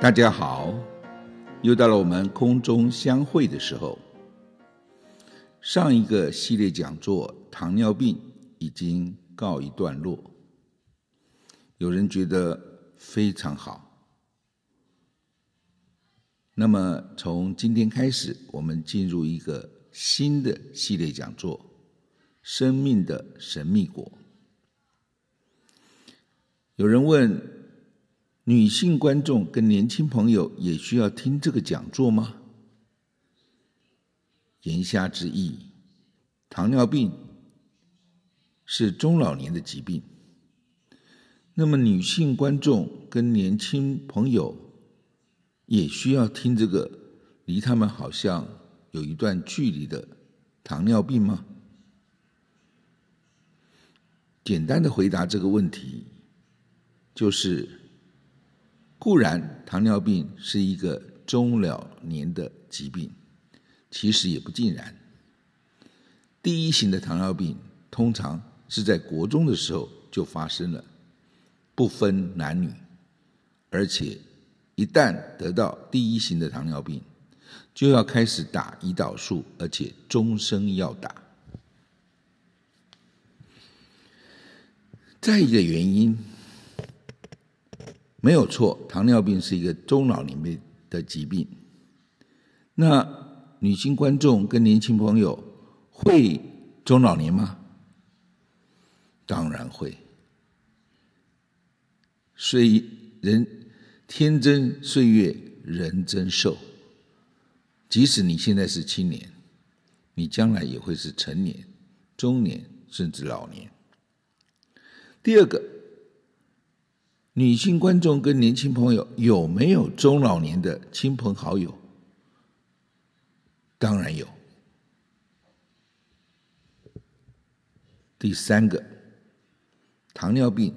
大家好，又到了我們空中相會的時候。上一個系列講座《糖尿病》已經告一段落，有人覺得非常好。那麼從今天開始，我們進入一個新的系列講座《生命的神秘果》。有人問。女性觀眾跟年輕朋友也需要聽這個講座嗎？言下之意，糖尿病是中老年的疾病。那麼，女性觀眾跟年輕朋友也需要聽這個離他們好像有一段距離的糖尿病嗎？簡單的回答這個問題，就是。固然糖尿病是一個中老年的疾病，其實也不盡然。第一型的糖尿病通常是在國中的時候就發生了，不分男女，而且一旦得到第一型的糖尿病，就要開始打胰島素，而且終生要打。再一個原因。沒有錯，糖尿病是一個中老年的疾病。那女性觀眾跟年輕朋友會中老年嗎？當然會。所以人天增歲月人增壽，即使你現在是青年，你將來也會是成年、中年，甚至老年。第二個。女性觀眾跟年輕朋友有沒有中老年的親朋好友？當然有。第三個，糖尿病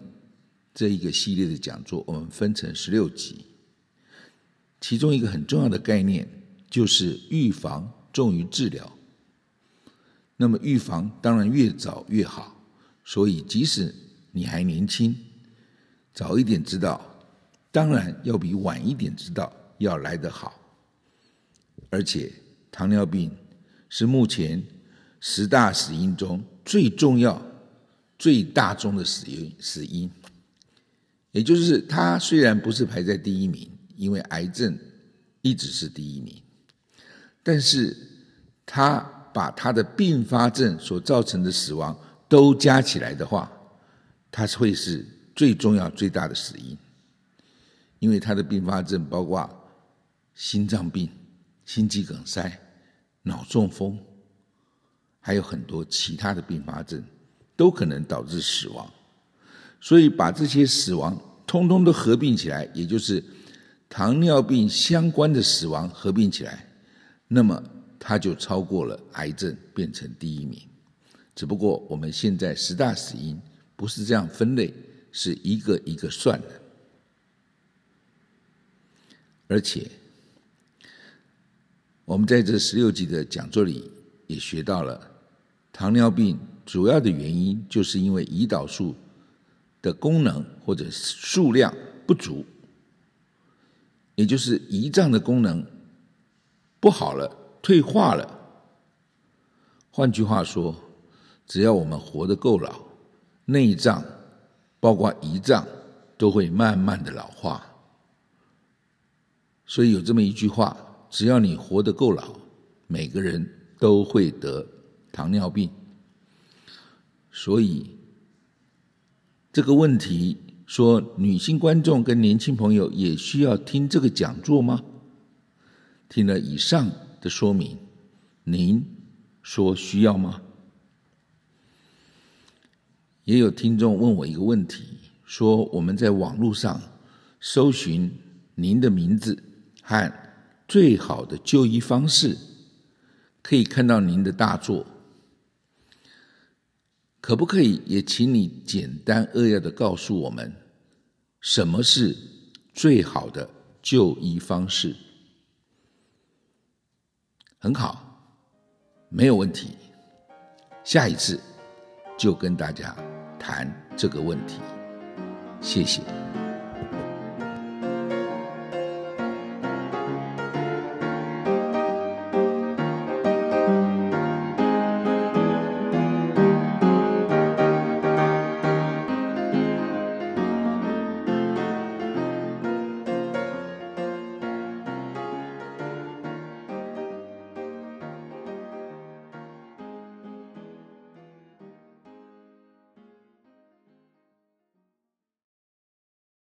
這一個系列的講座，我們分成十六集，其中一個很重要的概念就是預防重於治療。那麼預防當然越早越好，所以即使你還年輕。早一點知道，當然要比晚一點知道要來得好。而且糖尿病是目前十大死因中最重要、最大宗的死因。死因，也就是它雖然不是排在第一名，因為癌症一直是第一名，但是它把它的併發症所造成的死亡都加起來的話，它是會是。最重要、最大的死因，因為它的併發症包括心臟病、心肌梗塞、腦中風，還有很多其他的併發症，都可能導致死亡。所以把這些死亡通通都合併起來，也就是糖尿病相關的死亡合併起來，那麼它就超過了癌症，變成第一名。只不過我們現在十大死因不是這樣分類。是一個一個算的，而且我們在這十六集的講座裡也學到了，糖尿病主要的原因就是因為胰島素的功能或者數量不足，也就是胰臟的功能不好了、退化了。換句話說，只要我們活得夠老，內臟。包括胰臟都會慢慢的老化，所以有這麼一句話：只要你活得夠老，每個人都會得糖尿病。所以這個問題，說女性觀眾跟年輕朋友也需要聽這個講座嗎？聽了以上的說明，您說需要嗎？也有聽眾問我一個問題，說我們在網絡上搜尋您的名字和最好的就醫方式，可以看到您的大作，可不可以也請你簡單扼要的告訴我們，什麼是最好的就醫方式？很好，沒有問題，下一次就跟大家談這個問題，謝謝。